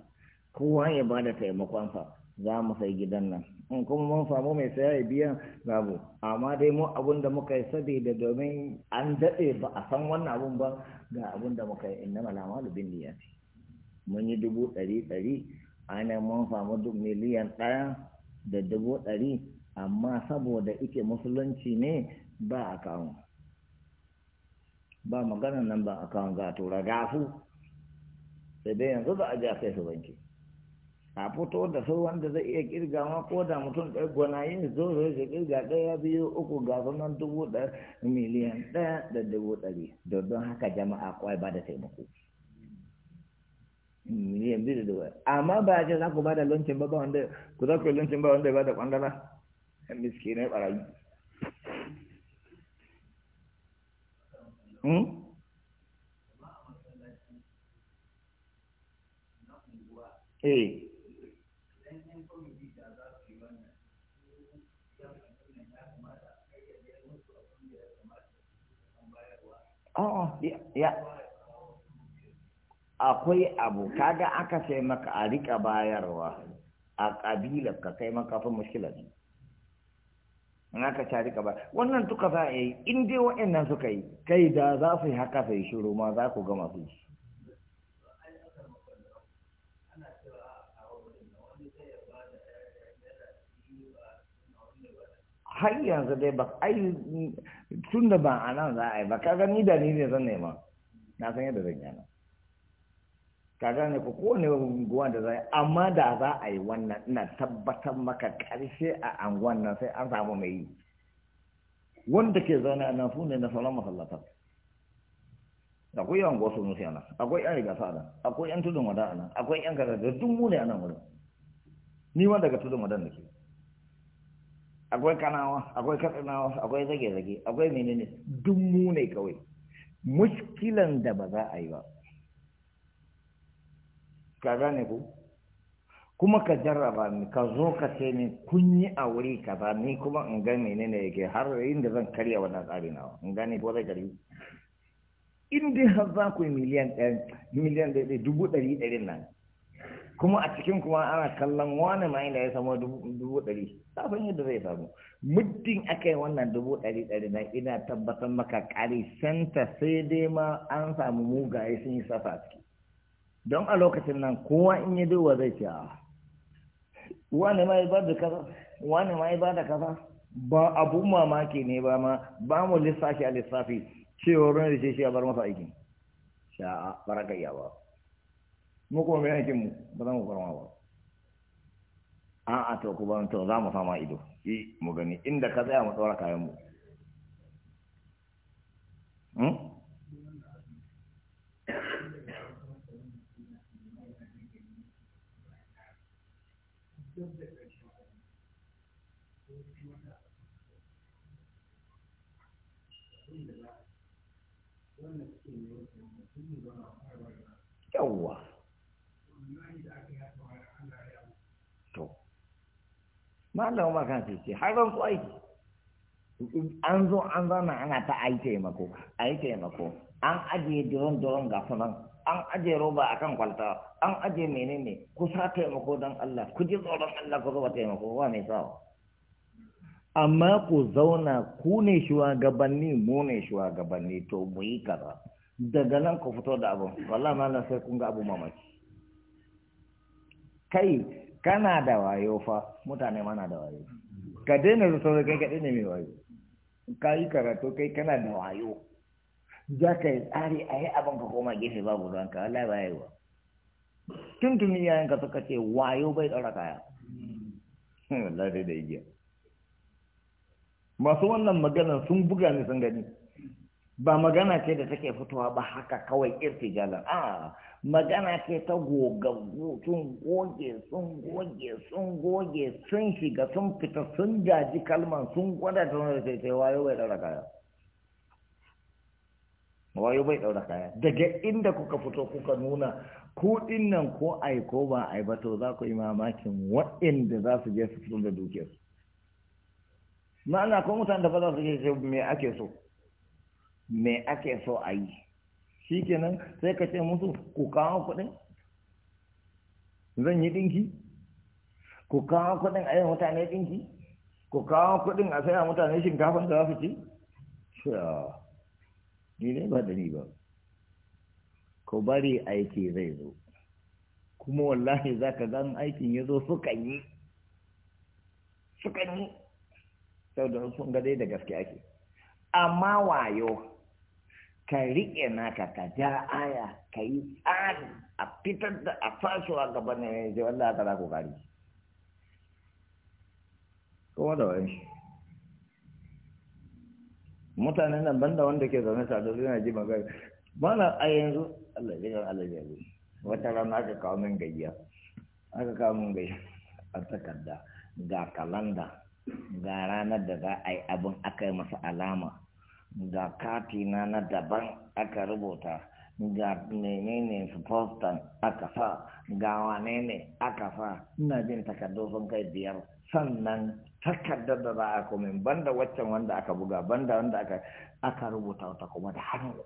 kowa ya ba da taimakonsa za mu sai gidan nan in kuma mun samu mai saya ya biya babu amma dai mu abun da muka yi saboda domin an daɗe ba a san wannan abun ba ga abun da muka yi inna malama lubin ce mun yi dubu ɗari ɗari ana mun samu duk miliyan ɗaya da dubu ɗari amma saboda ike musulunci ne ba a kawo ba maganan nan ba a kawo ga tura gafu sai dai yanzu ba a a kai su banki a fito da su wanda zai iya kirga ma ko da mutum ɗaya gwana zo zai shi biyu uku ga da dubu ɗari don haka jama'a kwai ba da taimako miliyan biyu da dubu amma ba ce za da ba wanda ku za ku yi ba da akwai abu kaga aka sai maka a rika bayarwa a kabila ka kai maka fa ne in aka ta rika ba wannan duka za a yi in dai waɗannan suka yi kai da za su yi haka sai shiru ma za ku gama su har yanzu dai ba ai tun da ba a nan za a yi ba ka ni da ni ne zan nema na san yadda zan yana ka ne ko kowane unguwa da za a yi amma da za a yi wannan ina tabbatar maka karshe a anguwan nan sai an samu mai yi wanda ke zaune a nan ne na salon masalatar akwai yawan gwasu nufi a nan akwai yan rigasa a nan akwai yan tudun wada a nan akwai yan kaza da ne a nan wurin ni ma daga tudun wadan da ke akwai kanawa akwai katsinawa akwai zage-zage akwai menene duk mu ne kawai muskilan da ba za a yi ba ka gane ku kuma ka jarraba ni ka zo ka ce ni kun yi a wuri ka ba ni kuma in ga menene yake har inda zan karya wannan tsari nawa in gane ko zai gari in dai har za ku yi miliyan ɗaya miliyan ɗaya dubu ɗari ɗari nan kuma a cikin kuma ana kallon wani ma inda ya samu dubu ɗari safin yadda zai samu muddin aka yi wannan dubu ɗari ɗari na ina tabbatar maka ƙari santa sai dai ma an samu mugaye sun yi safa ciki don a lokacin nan kowa in yi duba zai ce a ah, wani ma ba da kasa wani ba da mamaki ne ba ma ba mu lissafi a lissafi cewar wani da shi a bar masa aikin sha'a baraka ba mu kuma mai aikin mu ba za mu farma ba a to ku ban to za mu fama ido yi mu gani inda ka tsaya mu tsora kayan mu hmm? yawwa malama ma kan ce har ran an zo an zana ana ta ayi taimako ayi taimako an ajiye duron duron ga sanan an ajiye roba akan kwalta an ajiye menene ku sa taimako don Allah ku ji tsoron Allah ku zuba taimako wa mai sa amma ku zauna ku ne shugabanni mu ne shugabanni to mu yi kaza daga nan ku fito da abun wallahi malam sai kun ga abu mamaki kai kana da wayo fa mutane mana da wayo ka daina zuwa kai ka daina mai wayo ka yi karatu kai kana da wayo za ka yi tsari a yi abin ka koma gefe babu ruwanka Allah ba yi wa tuntuni ka suka ce wayo bai tsara kaya Allah dai da igiya masu wannan magana sun buga ni sun gani ba magana ce da take fitowa ba haka kawai irtijalan a magana ce ta gogaggu sun goge sun goge sun goge sun shiga sun fita sun jaji kalman sun gwada ta wani sai sai wayo bai daura kaya wayo bai daura kaya daga inda kuka fito kuka nuna ku nan ko ai ko ba ai ba to za ku yi mamakin waɗanda za su je su fito da dukiyarsu ma'ana ko mutane da ba za su je su me ake so me ake so a yi shi kenan sai ka ce musu ku kawo kuɗin zan yi ɗinki ku kawo kuɗin a yi mutane ɗinki ku kawo kuɗin a saya mutane shinkafa da za su ci ni ne ba da ni ba ku bari aiki zai zo kuma wallahi za ka gan aikin ya zo sukan yi sukan yi sau da sun ga dai da gaske ake amma wayo ka riƙe naka ka ja aya ka yi tsari a fitar da a fashewa gaba na ya je wanda aka za ku kowa da wani mutanen nan banda wanda ke zaune tare da yana ji magana mana a yanzu Allah ya ga Allah ya wata rana aka kawo min gayya aka kawo min gayya a takarda ga kalanda ga ranar da za a yi abin aka yi masa alama Da katina na daban aka rubuta ga menene supportan aka sa ga wane ne aka sa ina jin takardu sun kai biyar sannan takardar da za a komin banda waccan wanda aka buga banda wanda aka aka rubuta wata kuma da hannu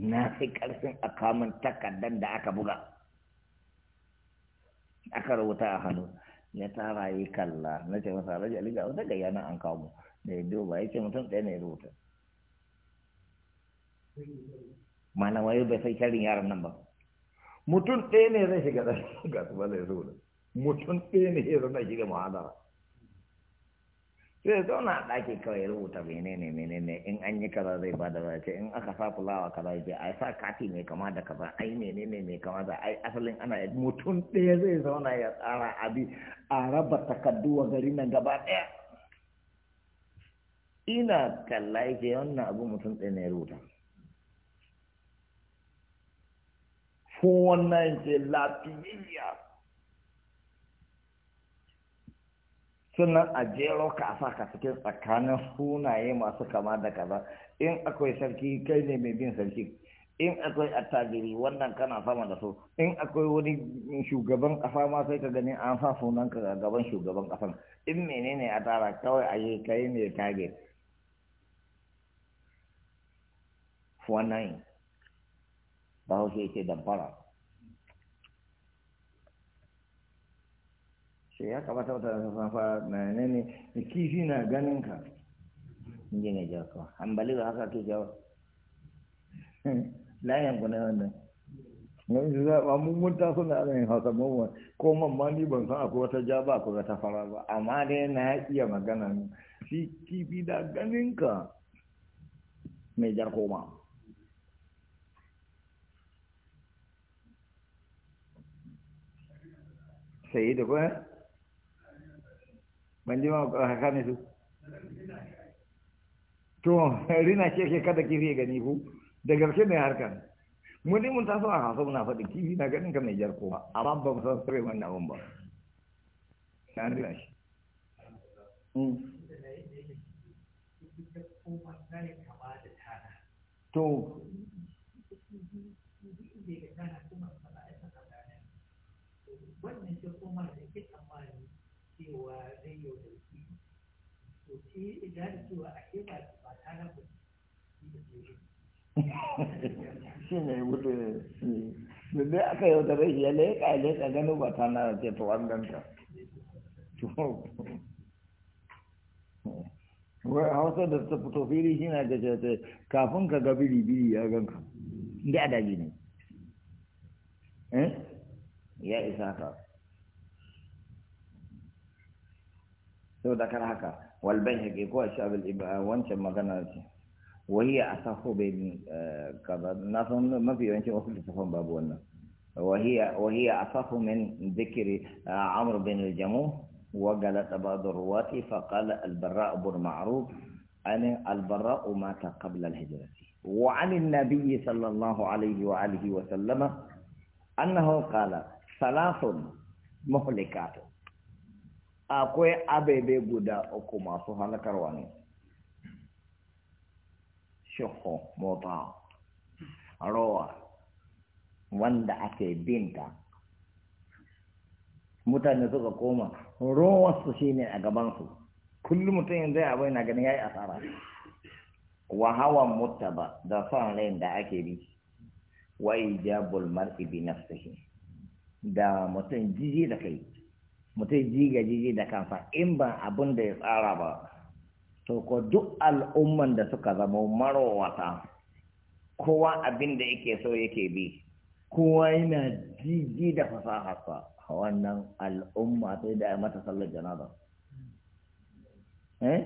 na fi karfin a kamun takardar da aka buga aka rubuta a hannu ya tara yi kalla na ce masa raja aliga wata gayyana an kawo da ya duba ya ce mutum ɗaya ne rubuta malam wayo bai sai sharin yaran nan ba mutum ɗaya ne zai shiga ɗan ga su bala ya rubuta mutum ɗaya ne ya zama shiga muhadara sai ya zauna a ɗaki kawai rubuta menene menene in an yi kaza zai ba da zace in aka sa fulawa kaza ya ai sa kati mai kama da kaza ai menene mai kama da ai asalin ana mutum ɗaya zai zauna ya tsara abi a raba takardu wa garin nan gaba ɗaya ina kalla yake wannan abu mutum ɗaya ne rubuta ko wannan ce lafiyayya sannan a jero ka a ka cikin tsakanin sunaye masu kama da kaza in akwai sarki kai ne mai bin sarki in akwai attajiri wannan kana sama da su in akwai wani shugaban kasa ma sai ka gani an sa sunan ka gaban shugaban kasan in menene a tara kawai a yi kai ne target 49 bahaushe ce damfara sai ya kamata wata da safa na ne ne kifi na ganin ka inji ne an bali ba haka ke jawa layan ku ne na yi zaɓa mummun taso na azamin hausa mummun ko mamma ni ban san akwai wata ja ba ku ga ta fara ba amma dai na iya magana shi kifi da ganin ka mai jar sai da kuma eh? ban ji ma haka ah, su to rina ke kada kifi gani ku da gaske ne harkan mu ne mun taso a hausa muna faɗi kifi na ganin ka mai jar kuma. a ba san sare wannan abin ba na rina shi to wannan cewa zai yaudauki to ce gane cewa a ke ba ba ta na ku shi ne wuce da dai aka yaudare shi ya leƙa ya leƙa gano ba ta na ce to an ganta wai hausa da ta fito fili shi na gajaje kafin ka ga biri-biri ya ganka inda daji ne eh? ya isa ka سو ذكر هكا والبيهقي كو الشعب وانت ما قناتي وهي أصح بين آه، كذا ناسون ما في وانت وصلت تفهم بابونا وهي وهي أصح من ذكر آه، عمر بن الجموه وقال بعض رواتي فقال البراء بن معروف أن البراء مات قبل الهجرة وعن النبي صلى الله عليه وعليه وسلم أنه قال ثلاث مهلكات akwai abebe guda uku masu halakarwa ne shiho mota rowa wanda ake binta mutane suka koma rowarsu ne a gabansu kullum mutum yanzu ya bai na ganin ya yi asara wa hawan mutaba da son rain da ake bi wa ijabul mar'i bi nafsihi da mutum jiji da kai mutum ji gajiji da kansa in ba abin da ya tsara ba to ko duk al'umman da suka zama marowata kowa abin da yake so yake bi kowa yana jiji da fasaharsa a wannan al'umma sai da mata sallar janaza eh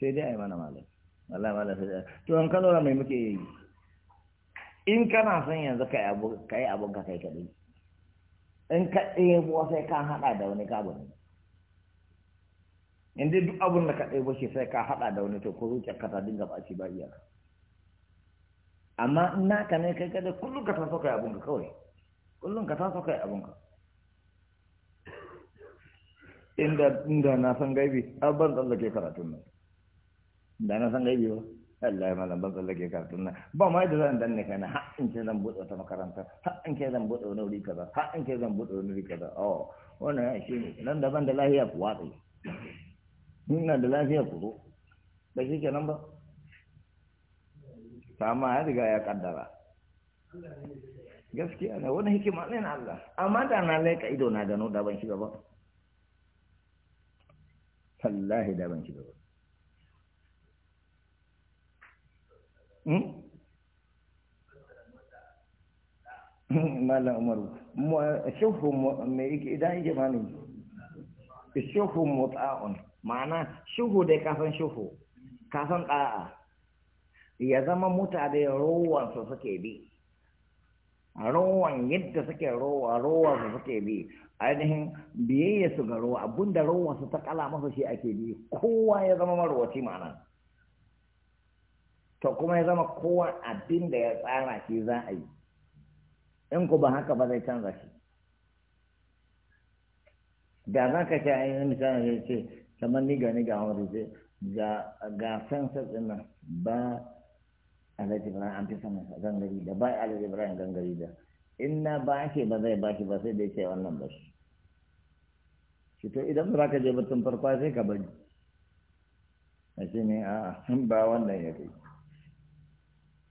sai dai ai mana malai wallahi malam sai to an kano mai muke yi in kana son yanzu kai abu kai abun ka kai kadai in ka ɗebo sai ka haɗa da wani gabon in dai duk abin da ka ɗebo shi sai ka haɗa da wani to ko zuciyar ka ta dinga ba ci ba iyaka amma in naka ne kai kada kullum ka taso kai abinka kawai kullum ka taso kai abinka inda inda na san gaibi har ban ke karatun nan da na san gaibi ba Allah ya malam ban tsallake karatun nan ba ma yadda zan danne kana ha in ce zan buɗe ta makaranta ha in ce zan buɗe wani wuri kaza ha in ce zan buɗe wani wuri kaza oh wannan ya shi ne nan da ban da lafiya ku watsa ina da lafiya ku zo ba shi kenan ba sama ya riga ya kaddara gaskiya ne wani hikima ne na Allah amma da na laika ido na gano da ban shiga ba wallahi da ban shiga ba Hmm? malam umaru shuhu mai yake idan yake malami shuhu mutsa'un ma'ana shuhu dai kafin shuhu kafin ɗa'a ya zama mutane rowan su suke bi rowan yadda suke rowa rowan su suke bi ainihin biyayya su ga rowa abinda rowan su ta kala masa shi ake bi kowa ya zama marwaci ma'ana to kuma ya zama kowa abin da ya tsara shi za a yi in ku ba haka ba zai canza shi da za ka ce ainihin misali ya ce kamar ni ga ni ga wani ce ga ga fensas din nan ba alhaji ibrahim an fi a gangari da ba alhaji ibrahim gangari da in na ba shi ba zai ba shi ba sai da ce wannan ba shi shi to idan ba za ka je batun farko sai ka bari a shi ne a'a ba wannan ya kai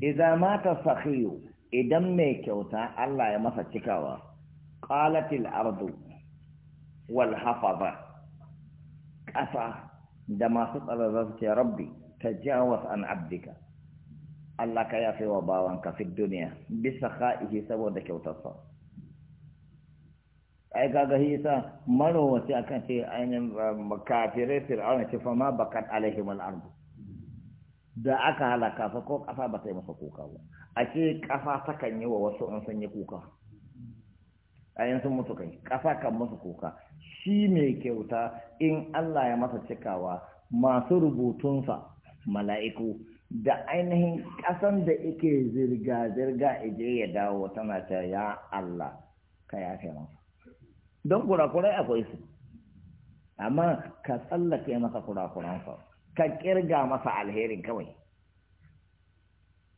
idza mata sakhiyu idan mai kyauta Allah ya masa cikawa qalatil ardu walhafa ba ƙasa da masu tsara za su rabbi tajawaz an abdika Allah ka yafe wa bawanka fi duniya bisa ka'ihi saboda kyautarsa ai kaga hisa maro wasu akan ce ainihin kafirai fir'auna ce fa ma bakat alaihim al-ardu da aka halaka fa ko kafa ba ta yi masa kuka ba a ce kafa ta kan yi wa wasu an sanya kuka a yin sun mutu kai kafa kan musu kuka shi mai kyauta in Allah ya masa cikawa masu rubutunsa mala'iku da ainihin ƙasan da yake zirga-zirga ije ya dawo tana ta ya Allah ka ya masa don kurakurai akwai su amma ka tsallake masa kurakuransa ka kirga masa alherin kawai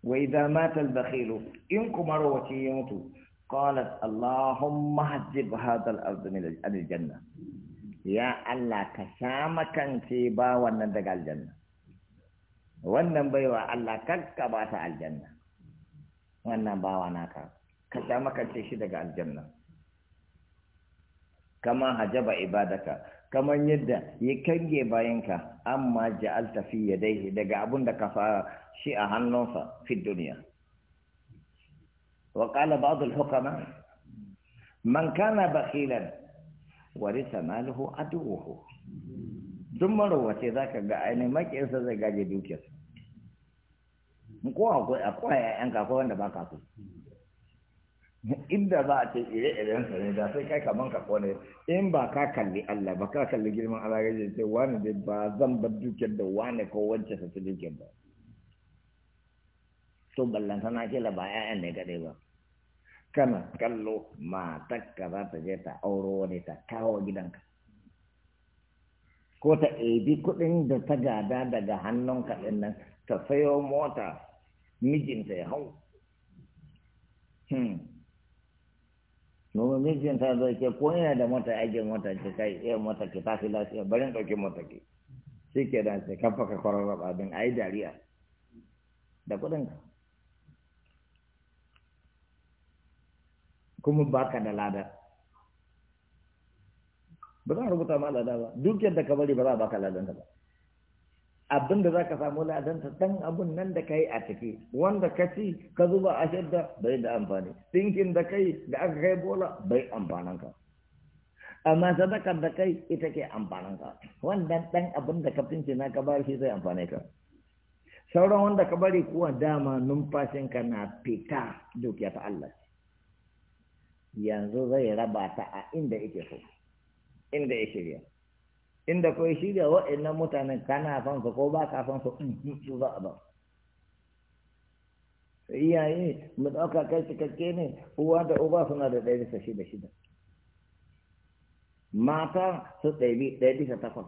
wa idza mata al bakhil in kuma rawace ya mutu qalat allahumma hajib hadha al-ard min al-janna ya allah ka sama ce ba wannan daga aljanna wannan baiwa allah kakka ba ta aljanna wannan bawa naka ka sama ce shi daga aljanna kama hajaba ibadaka kamar yadda ya kange bayanka amma ja'alta fi yadayhi daga abun da ka fara shi a hannunsa fi duniya wa qala ba'd al-hukama man kana bakhilan warisa maluhu aduhu duk marowace ka ga ainihin makiyarsa zai gaje dukiyarsa ko akwai akwai yayanka akwai wanda baka so inda za a ce ire-iren sa ne da sai kai kaman ka kone in ba ka kalli Allah ba ka kalli girman Allah gaje sai wani dai ba zan bar dukiyar da wani ko wancan ta ta dukiyar ba to ballan sana ke la ba ƴaƴan ne gade ba kana kallo ka za ta je ta auro wani ta kawo gidanka ko ta ebi kuɗin da ta gada daga hannunka din nan ta sayo mota mijinta ya hau hmm. domin mijin ta zai ke ko yana da mota aikin mota ce kai iya mota ke tafi lafiya barin ke mota ke shi ke da sai kafa ka kwararraba don a yi dariya da kudin ka kuma baka da lada ba za a rubuta ma lada ba duk yadda ka bari ba za a baka ladan ba abin da za ka samu ladanta dan abun nan da ka a ciki wanda ka ci ka zuba a shadda bai da amfani ɗinkin da kai da aka kai bola bai amfanin ka amma sadakar da kai ita ke amfanin ka wannan dan abin da ka fince na ka bari shi zai amfane ka sauran wanda ka bari kuwa dama numfashin ka na fita dukiya ta Allah yanzu zai raba ta a inda yake so inda ya shirya inda kawai shi da wa'annan mutanen kana son su ko ba ka son su in su za a ba iyaye mu ɗauka kai cikakke ne uwa da uba suna da ɗaya bisa shida shida mata su ɗaya ɗaya bisa takwas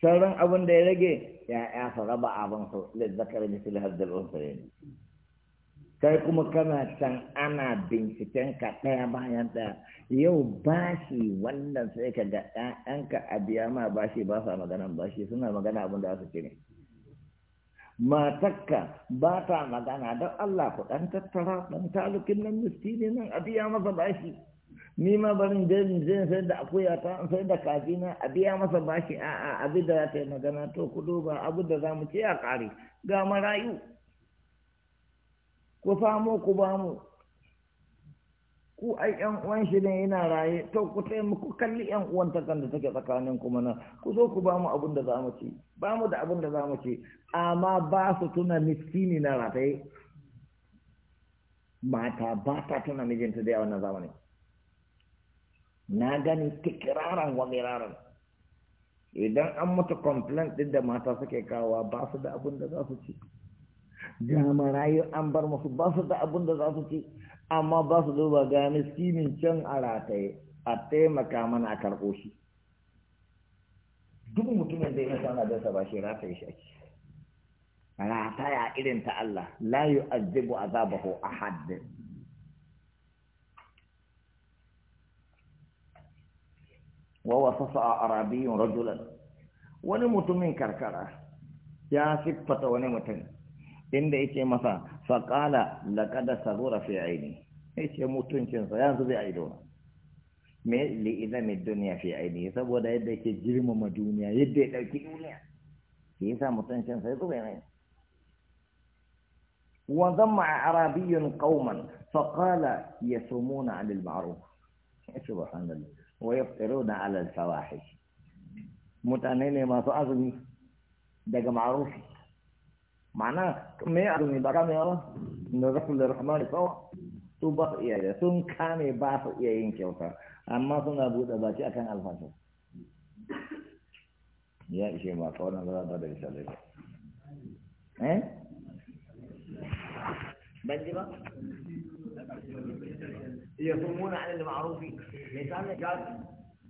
sauran abin da ya rage ya'ya su raba abin su lizzakar misali hajjal unsa ne kai kuma kana can ana binciken ka ɗaya bayan ɗaya yau bashi wannan sai ka ga ɗanka a biya ma bashi ba sa maganan bashi suna magana abin da za su ci ne matakka ba ta magana don Allah ku ɗan tattara ɗan talukin nan ne nan a biya masa bashi ni ma barin jin jin sai da akuya ta sai da na a biya masa bashi a'a abin da za ta yi magana to ku duba abin da za mu ce a ƙari ga marayu ku famo ku ba mu ku ai yan uwan shi ne yana raye to ku ku kalli yan uwan ta kan da take tsakanin kuma na ku zo ku ba mu abin da zamu ci ba mu da abin da zamu ci amma ba su tuna miskini na rataye mata ba ta tuna mijinta da wannan zamani na gani tikiraran wa miraran idan an mutu complaint din da mata suke kawo ba su da abin da za su ci gama marayu an bar musu ba su da abin da za su ci amma ba su ba ga miskinin can a rataye a taimaka mana a karɓo shi duk mutumin da ya sana da ba shi rataye shi ake rataya irin ta Allah la yu'azzibu azabahu ahad wa wasafa arabiyyun rajulan wani mutumin karkara ya siffata wani mutum inda yake masa faƙala laqad sagura fi aini yake sa yanzu bai aido me li idan mi duniya fi aini saboda yadda yake ma duniya yadda ya dauki duniya shi yasa mutuncin sa yake bai wa zamma arabiyyun qauman faqala yasumuna 'anil ma'ruf subhanallah wa yafṭiruna 'ala al-fawahish mutane ne masu azumi daga ma'rufi Mana me azumi ba kame yawa da rasul da rahman da tsawa su ba su iya sun kame ba su iya yin kyauta amma suna buɗe baki akan alfasa ya ishe ma ka wannan za ta da isa da eh ban ji ba يصومون عن المعروف لسان قال